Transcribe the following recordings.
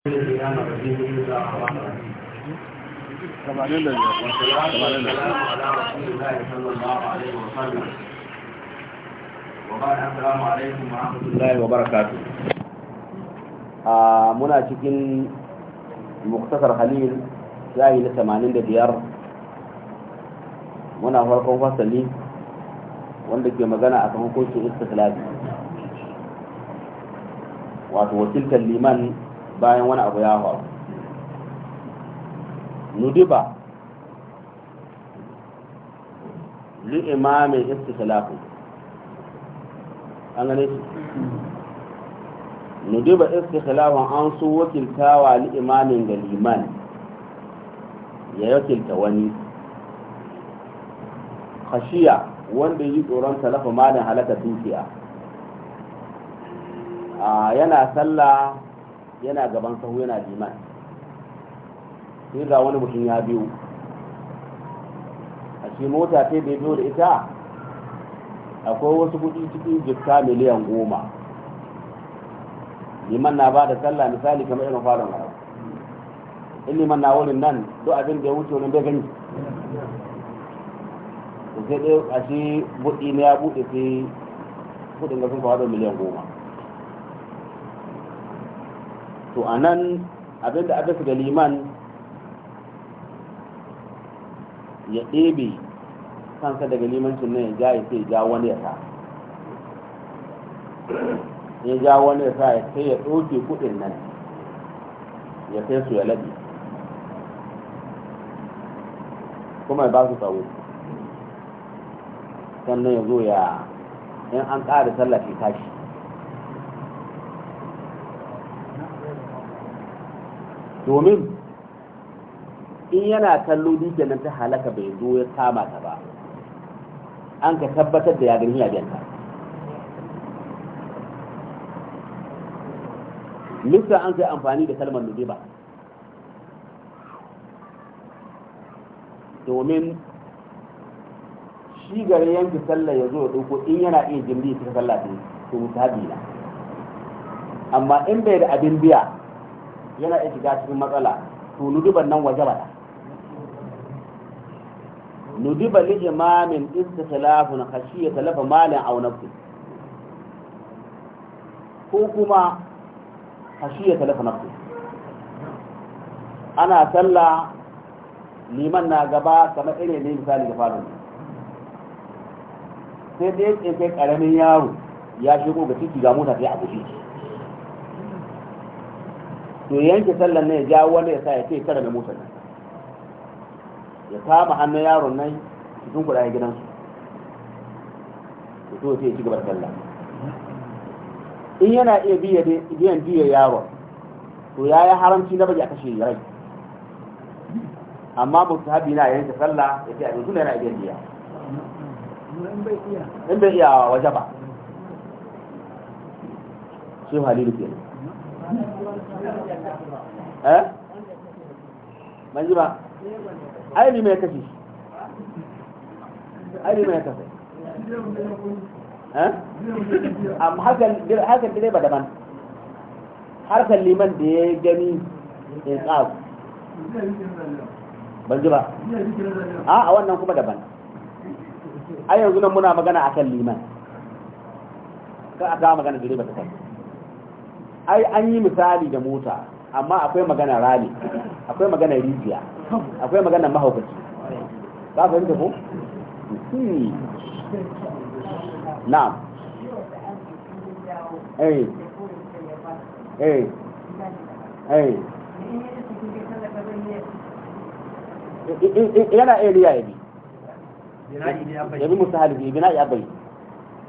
a ah, muna cikin muktasar halil shahi na tamanin da biyar muna farkon fasali wanda ke magana a kan hukuncin istiklafi wato wakiltar liman bayan wani abu ya faru nudiba li'imamin istikhlafi an gane shi nudiba istikhlafin an su wakiltawa li'imamin ga liman ya wakilta wani khashiya wanda yi tsoron talafa malin halaka dukiya ah, yana sallah yana gaban sahu yana liman sai ga wani mutum ya biyo a shi mota ce bai biyo da ita akwai wasu kuɗi cikin jikka miliyan goma liman na ba da sallah misali kamar irin falon arab in liman na wurin nan duk abin da ya wuce wurin bai gani sai dai a shi buɗi na ya buɗe sai kuɗin gasun sun miliyan goma to a nan abinda aka fi da liman ya ɗebe kansa daga limancin nan ya ja ya sai ja wani ya sa ya ja wani ya sa ya sai ya ɗauke kuɗin nan ya sai su ya laɓe kuma ya ba su tsawo sannan ya zo ya in an ƙara tallafi tashi domin in yana kallo dukiyar nan ta halaka bai zo ya kama ta ba an ka tabbatar da ya gani ya biyanta lissa an kai amfani da kalmar ba domin shi gare yanki sallah ya zo ya ɗauko in yana iya jirgi ta sallah ne to musabi na amma in bai da abin biya yana iya shiga cikin matsala to nuduban nan waje ba nuduba li imamin kashi ya talafa malin aw nafsi ko kuma ya talafa nafsi ana sallah liman na gaba kamar irin ne misali da faru sai dai kai karamin yaro ya shigo ga ciki ga mota sai a guje shi to yanke sallan ne ya ja wani ya sa ya ce tara da motar ya kama hannun yaron nan cikin kuɗa gidansu ya zo sai ya ci gaba da sallah in yana iya biyan biya yaron to ya yi haramci na baje a kashe rai amma mustahabi na yanke sallah ya ce a yanzu yana iya biya in bai iya waje ba shi halilu kenan eh ban ji ba aini mai kashi aini mai kashi eh? amma hakan direba daban harkar liman da ya gani in tsaku ban ji ba a a wannan kuma daban a yanzu nan muna magana akan liman kan aka magana direba ta kai ai an yi misali da mota amma akwai magana rami akwai magana rijiya akwai magana mahaukaci ka fahimta ko hmm. na'am eh eh eh yana area yabi yabi musa halibi bina yabai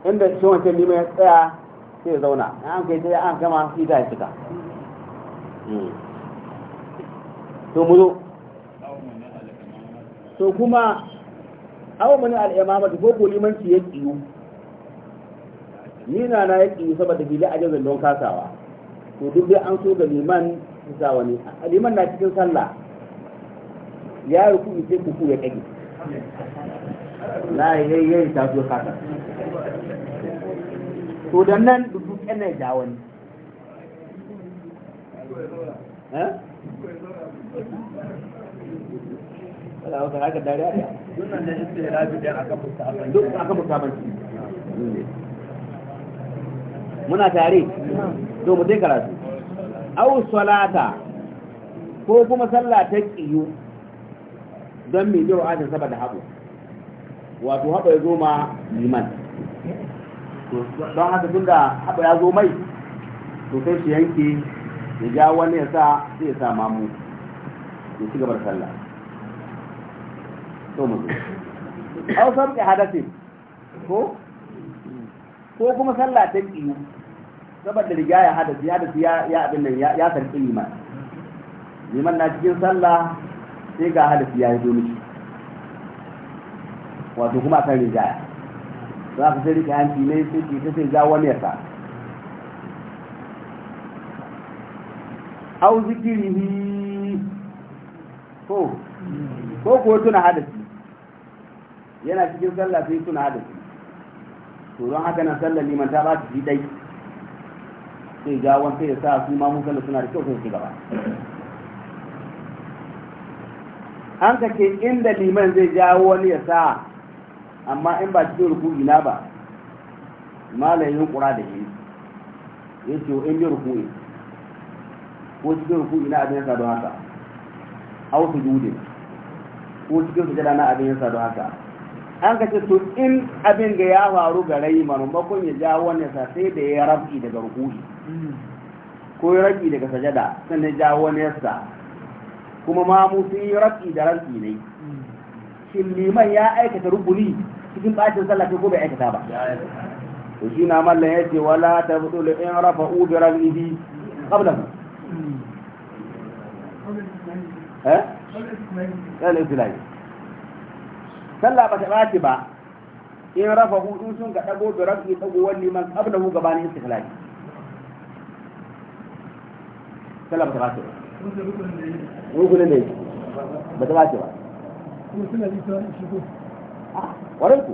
inda shi wancan neman ya tsaya sai zauna an kai sai an gama shi ya cika hmm. to mu zo to kuma awa mani al'imamatu ko ko limanci ya tsiyu ni na na ya tsiyu saboda gida a jazin don kasawa to duk dai an so ga liman sa wani liman na cikin sallah ya ruku sai kuku ya kage na yayi yayi ta zo kasa to da nan dubu kene ja wani eh? ne. muna tare to mu dai karatu au salata ko kuma sallah ta kiyu don mai jiru ajin saboda haɓo wato haɓo ya zo ma liman don haka tun da haɓa ya zo mai to sai shi yanke ya ja wani ya sa sai ya sa mamu ya ci gabar sallah so mu A wasu hadathin ko ko kuma sallah ta kiyu saboda riga ya hadasi hadasi ya ya abin nan ya sarki liman liman na cikin sallah sai ga hadasi ya yi mishi wato kuma kan riga za ka sai rike hanci ne sai ta sai za wani ya sa au zikirihi ko ko ko tuna hadasi yana cikin sallah sai tuna hadasi to don haka nan sallar liman ta ba su dai sai ja wani sai ya sa su ma mun sallar suna da kyau sai su gaba an kake inda liman zai jawo wani ya sa amma in ba cikin rukuni na ba malayin yunkura da yi ya ce in yi rukuni? ko cikin rukuni na abin yasa don haka hau su jude ko cikin jada na abin yasa don haka an kace to in abin ga ya faru ga rai maimakon ya ja wannan sa sai da ya rabi daga rukuni. ko ya rabi daga sajada sannan ja wani yasa kuma ma mu sun yi rabi da rabi ne shin liman ya aikata rukuni? cikin bacin sallah ko bai aikata ba to shi na mallan yace wala ta budu tabdul in rafa'u bi rabihi qabla eh sallah islami sallah ba ta bace ba in rafa'u in sun ga dago bi rabi dago wani man qabla mu gabanin istiqlali sallah ba ta bace ba rukunin ne ba ta bace ba warin ku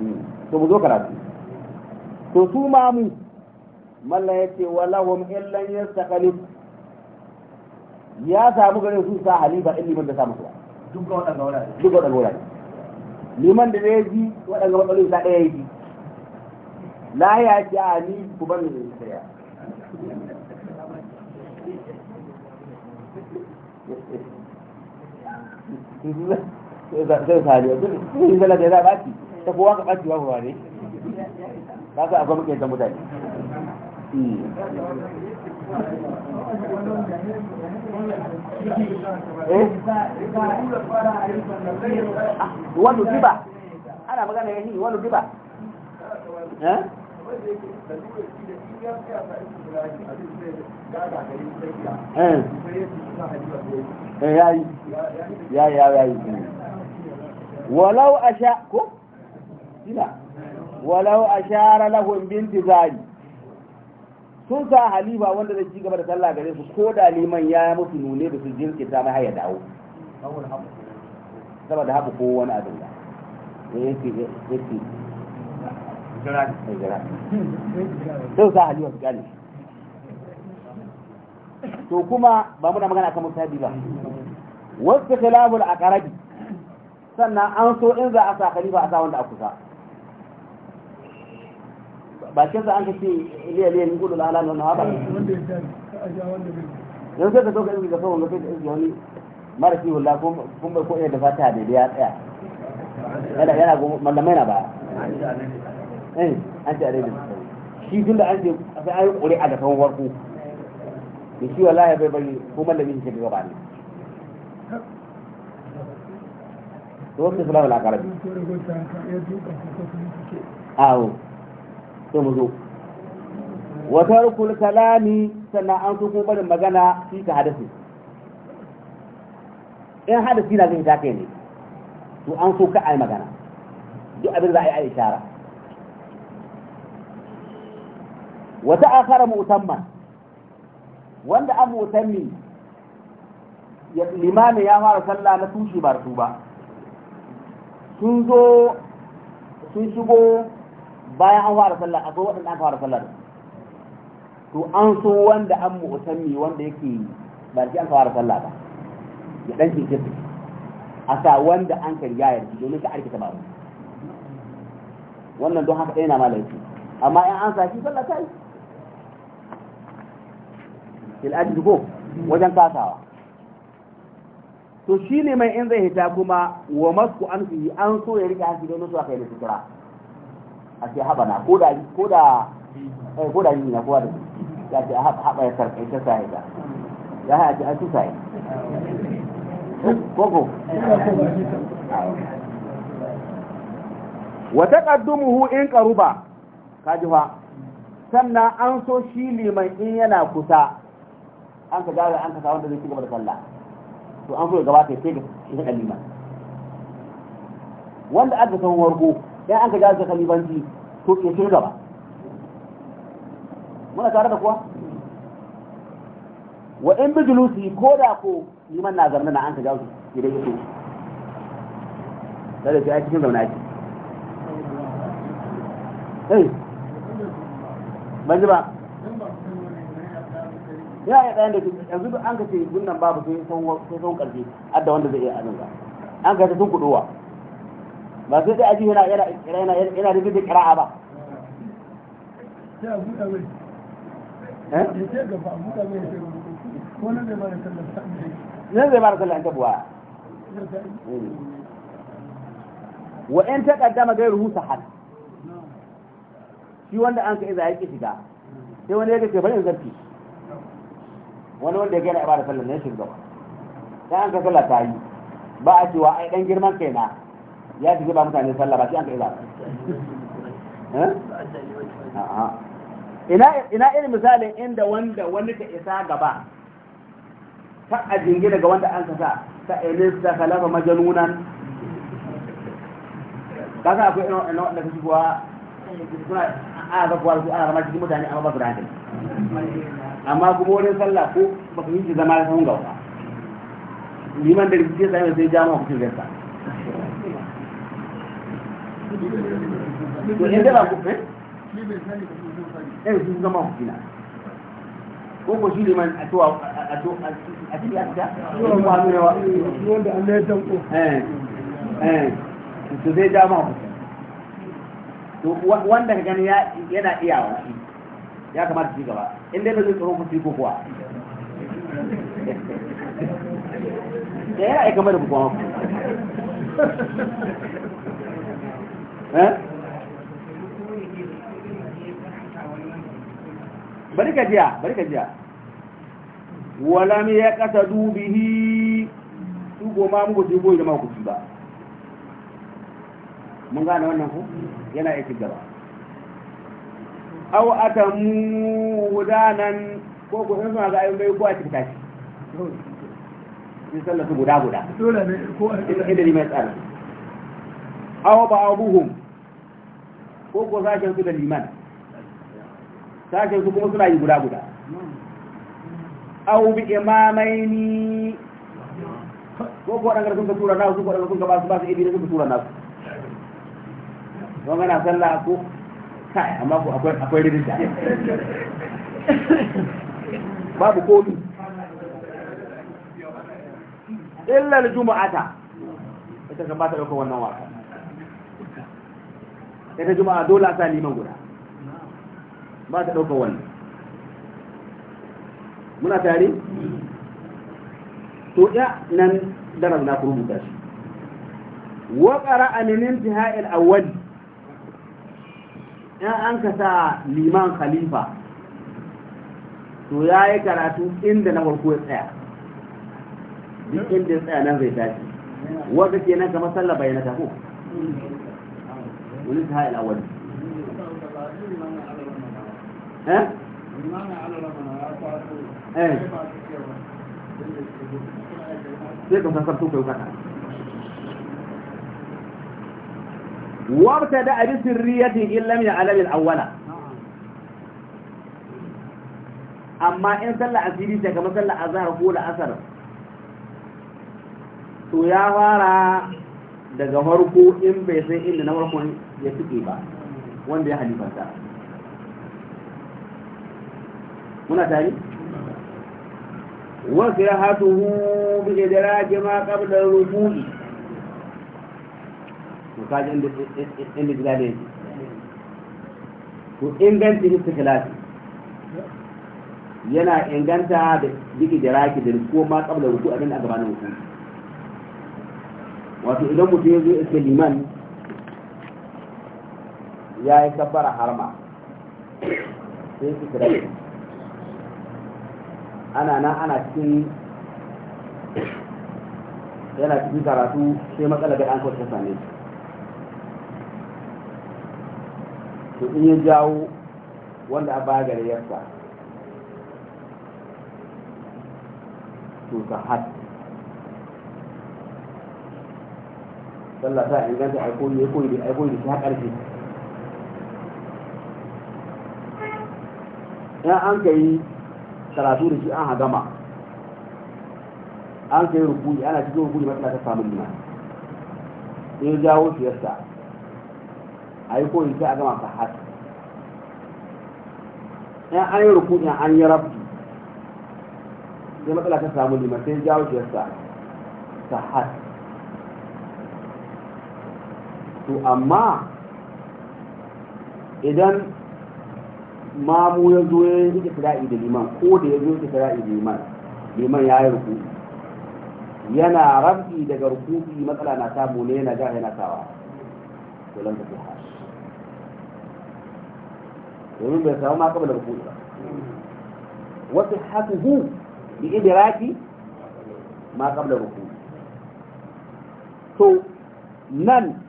hmm. to mu zo karatu to su ma mu mallan yace walahum illan yastaqalib ya samu gare su sa haliba in liman da samu su duk ga wadanda wadanda duk ga wadanda liman da zai ji wadanda matsalolin ɗaya daya yi lahiya ce a ni ku bar ni tsaya Thank you. zai sare zai yi zala da ya ɓaci ta kowa ka ɓaci ba ruwa ne ba ka akwai muke ta mutane eh? wani diba ana magana ya yi wani diba eh? Eh. eh, ya yi, ya yi, ya yi. walau a sha ko? ina walau a shara lahun binti zari sun sa halifa wanda zai ci gaba da sallah gare su ko da liman ya musu nune da su jirkita mai haya dawo saboda haɓu ko wani abin da ya yake yake sun sa halifa su gane to kuma ba muna magana kan musabi ba wasu khilaful aqrabi sannan an so in za a sa khalifa a sa wanda a kusa bakin sa an ka ce liya liya ni gudu lalani wannan haɓar yau sai ka so ka yi ga sauran gafe da wani mara fi hula kun bai ko iya da fata da ya tsaya yana yana mallamai na baya eh, an ce a daidai shi tun da an ce sai an yi a da sauran warko da shi wallahi bai bari ko mallami shi ke gaba ne wasu islam al'akarabi awo sai mu zo wata rukun salami sannan an su kuma barin magana shi ka hadasi in hadasi na zai ta kai ne to an so ka ai magana duk abin za a yi a yi shara. wata akara musamman wanda an musamman ya limamin ya fara sallah na tushe ba su sun zo sun shigo bayan an fara sallah a akwai waɗanda an fara sallah to an so wanda an ne wanda yake ba shi an fara sallah ba ya dan kinke a sa wanda an kan ya ji domin ka arkita ba wannan don haka ɗaya na malarci amma in an sashi sallah ta yi ko wajen kasawa to shi ne mai in zai hita kuma wa masku an fi an so ya rike hanci don su aka yi da sutura a ce haba na ko da eh ko da yi na kowa da ya ce haba ya karɓe ta sai da ya ha ce an su sai koko wa taqaddumuhu in qaruba kaji fa sannan an so shi ne mai in yana kusa an ka gara an ka sa wanda zai ci gaba da sallah to an so gabata ya sai da shi da liman wanda aka san wargo sai an ka ga da kalibanci to ke shi gaba muna tare da kuwa wa in bijulusi ko da ko liman na zarna na an ka ga su gidan yake da da ya cikin zauna ki eh ban ji ba ya yi ɗayan da ke yanzu da an ka ce gunnan babu sai sun karfi adda wanda zai iya anin ba an ka ce sun kuɗuwa ba sai dai aji yana yana yana yana da duk ƙira'a ba eh? nan zai mara sallah an buwa wa in ta kaddama gairu sahal shi wanda an ka iza yake shiga sai wanda ya ce bari zarfi wani wanda ya gaina a bada sallar ne shugaba sai an ka sallar ta yi ba a cewa ai dan girman kai na ya fi ba mutane sallah ba shi an ka iza eh? ina ina irin misalin inda wanda wani ka isa gaba ta a jingina ga wanda an ka sa ta ilista kalafa majalunan kasa akwai ina wanda ka shi kuwa. a ga kuwa su a rama cikin mutane amma ba su da amma kuma wani sallah ko ba su yi zama da sahun gaba liman da rikice sai sai jama'a kucin gaisa to inda ba ku eh, eh su zama hukina ko ko shi liman a to a to a cikin yadda wanda Allah ya danko eh eh to sai jama'a to wanda gani ya yana iyawa shi ya kamata ci gaba in dai bai tsoro ku ci ko kuwa ya yana aika mara bukwa ku eh? bari ka jiya bari ka jiya walam ya kasa dubihi su goma muku ci goyi da makuci ba mun gane wannan ku yana aiki gaba aw atamu gudanan ko ku san ga ayyukan bai ko a cikin tashi sun sallar guda guda dole ne ko a cikin mai tsari aw ba abuhum ko ko sashen su da liman sashen su kuma suna yi guda guda aw bi imamaini ko ko ran sun ka tura nasu ko ran sun ka ba su ba su ibi sun ka tura nasu don ana sallah ko kai amma ko akwai akwai ridinta babu komi illa juma'ata ita kan ba ta dauka wannan waka ita juma'a dole a sa liman guda ba ta dauka wannan muna tare to ya nan darar na kurmuta shi wa qara'a min intihai al-awwal in an ka sa liman khalifa to ya yi karatu inda na farko ya tsaya duk inda ya tsaya nan zai tashi wadda ke nan kamar sallah bai na tafi wani ta haila wani eh? eh. sai ka to kai warta da ان لم يعلم ya alamin ان amma in sallar asiri ta kamar sallar azhar ko la'asar, asar to ya fara daga farko in bai san inda na farkon ya tuke ba wanda ya halifanta muna tari. wasu ya hatu hu bi ma rubu'i to kaji inda inda gida yana inganta da diki da raki da ko ma kabla wuku abin da gabanin wuku wato idan mutum ya zo iske liman ya yi kafara harma sai su kira ana nan ana cikin yana cikin karatu sai matsala da an kawo ta same to in ya jawo wanda a bagar yasa to ta hat sallata in inganta aikoyi ya koyi da aikoyi da ta ƙarfi in an ka yi karatu da shi an hagama an ka yi rukuni ana cikin rukuni matsala ta samun nuna in ya jawo shi a yi koyi sai a gama sahati in an yi rukuni an yi rabbi sai matsala ta samu lima sai jawo shi yasa sahati to amma idan mamu ya zo ya yi ikira'i da liman ko da ya zo ya ikira'i da liman liman ya yi ruku yana rabbi daga rukuki matsala na samu ne yana ga yana sawa to lantarki ta hashi domin bai samu ma kaba da rubutu ba wasu hakuhu bi idiraki ma kaba da rubutu to nan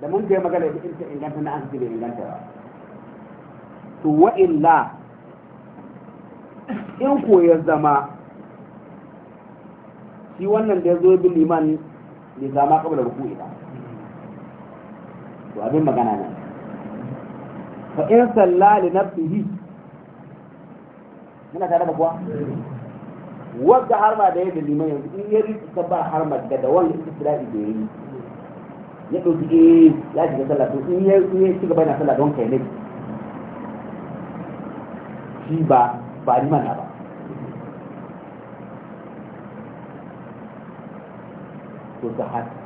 da mun kai magana da ita inganta na asibiti bai inganta ba to wa illa in ko ya zama shi wannan da ya zo bin liman bai zama kaba da rubutu ba to abin magana ne فإن صلى لنفسه من أتى لك أخوة؟ وقت حرمة دائما بما يقول إيه يريد تكبر حرمة كده وان يستفرادي دائما يقول إيه لا تجد صلى الله إيه إيه تكبرنا صلى الله دون كينك شيبا بعد ما نبا تتحدث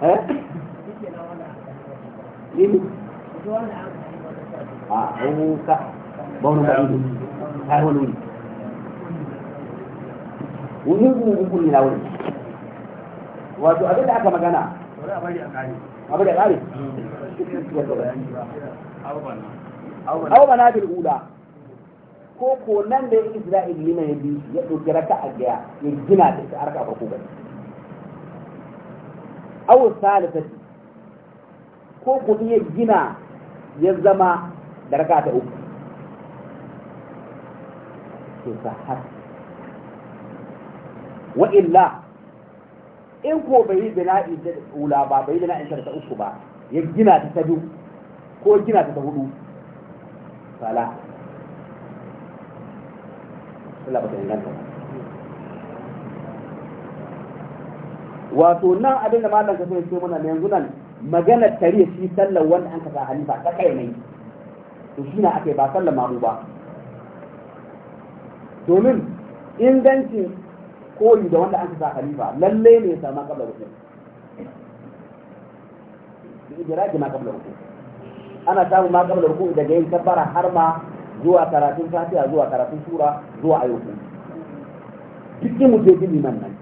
wani wuri wuri kuma na wuri wato abin da aka magana abin da ƙari aw na ko ko nan da Isra'il ne ya bi ya ɗauki a daya ya gina da ta arka ko gani awu salifati ko ku iya gina ya zama da raka ta uku to sahar wa illa in ko bai yi bina'i da ula ba bai yi bina'i da ta uku ba ya gina ta ta biyu ko gina ta ta hudu sala Allah ba ta inganta ba wato nan abin da malam kafin ce mana na yanzu nan magana tare shi sallar wanda an kasa halifa ta kai ne to shi na aka ba sallar mamu ba domin ingancin koyi da wanda an kasa halifa lalle ne ya samu kabla rukun ijiraji ma kabla rukun ana samun ma kabla rukun daga yin kabbara har ma zuwa karatun fatiha zuwa karatun sura zuwa ayyukan duk mutum liman nan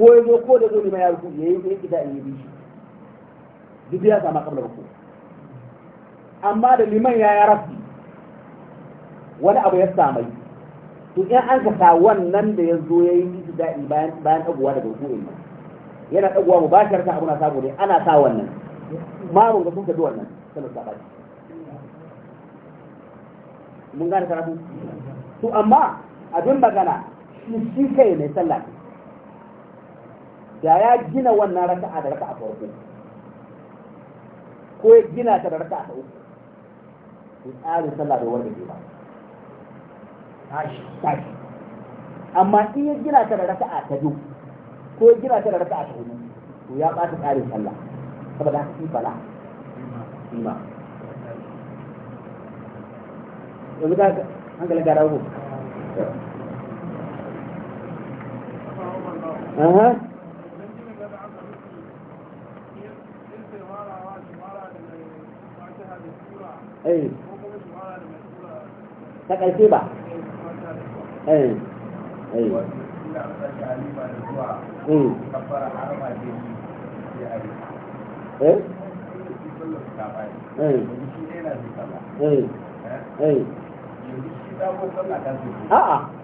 ko ya zo ko da zo ne mai yarku ya yi ya kida in yi bi duk ya sama kabla ruku amma da liman ya ya rafi wani abu ya samai to in an kasa nan da ya zo ya yi kida in bayan bayan dagowa daga ruku in yana dagowa mubashar ta abu na sabo ne ana sa wannan marun ga sun ka wannan sanin sabani mun gane karatu to amma abin magana shi kai ne sallah da ya gina wannan raka'a da raka'a farko ko ya gina ta da raka'a ta uku to tsarin sallah da wanda ke ba tashi amma in ya gina ta da raka'a ta biyu ko ya gina ta da raka'a ta hudu to ya ɓata tsarin sallah saboda haka shi bala ima yanzu ka hankalin gara uku Uh-huh. Eh. ta ƙarshe ba a'a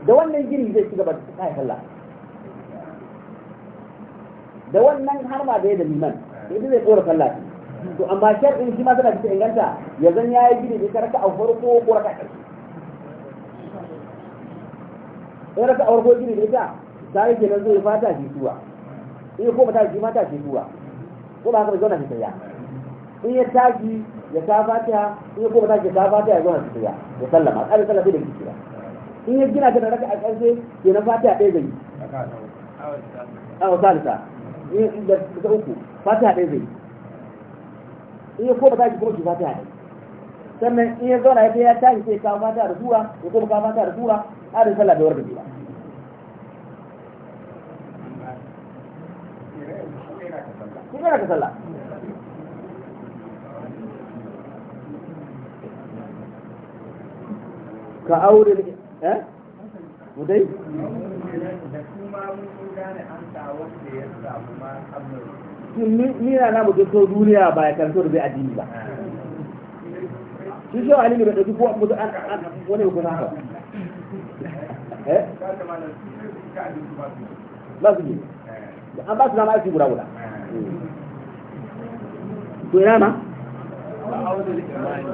da wannan gini zai shiga gaba da kai sallah da wannan harma da ya da liman idan zai tsora sallah to amma shar'in shi ma tana cikin inganta ya zan ya yi gini ne ka raka a farko ko raka ƙarshe in raka a farko gini ne ta ta yi nan zai fata shi tuwa in ko mata shi mata shi tuwa ko ba haka ba zauna shi ta in ya tashi ya ta fata in ya ko mata ta shi ta fata ya zauna shi ta ya sallama. sallama tsari sallama bai da kiciya in ya gina ta da raka a ƙarshe kenan fata ɗaya zai yi a wasalisa da uku fata ɗaya zai yi in ba koma tashi kuma shi fatiha ne sannan in ya zauna ya ya tashi sai kawo fatiha da sura ya koma da sura a da sallah da warda yana ka sallah ka aure eh mudai da kuma mun gane an sa wanda ya samu ma amma Ni na mutum so duniya ba ya karanto da zai addini ba shi shi alimi bai ɗauki ko mutum an wani ba kusa haka eh? ba su ne an ba su dama aiki guda guda to ina ma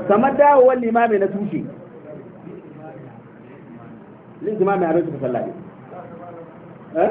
kamar dawowar limami na tushe mai a rikin sallah eh? ne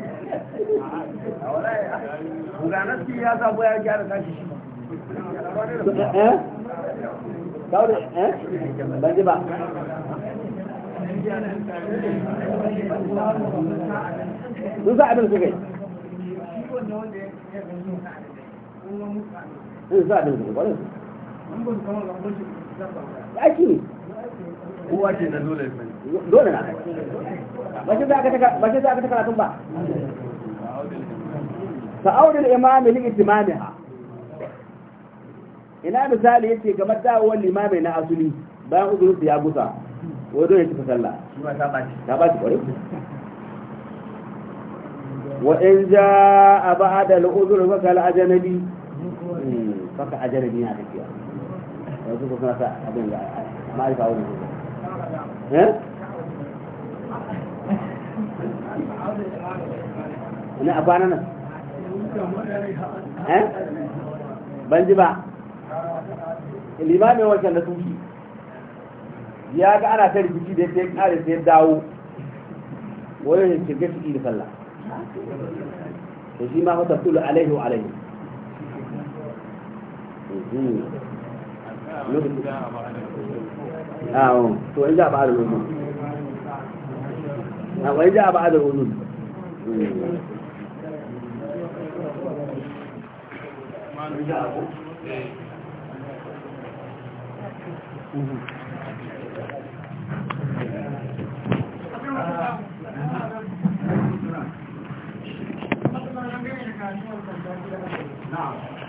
gudanarci sun sa abin suka yi sun sa abin suka yi ya ake ne dole na ba shi za aka ta karatun ba fa'aunin imami li itimami ina misali yace game dawowar limami na asuli bayan uzurinsu ya gusa wato ya cika sallah ta ba shi kwarai wa in ja a ba da al'uzur faka al'ajanabi hmm, faka ajanabi na tafiya wasu ko suna sa abin da ma'aifa wani eh wani a kwana nan eh? ban ji ba limamin wancan da sufi ya ga ana ta rikici da ya kare sai dawo wani ne shirke shi da sallah shi ma fata tulu alaihi wa alaihi hmm. to in za a ba a da ويجاء بعد الوجود نعم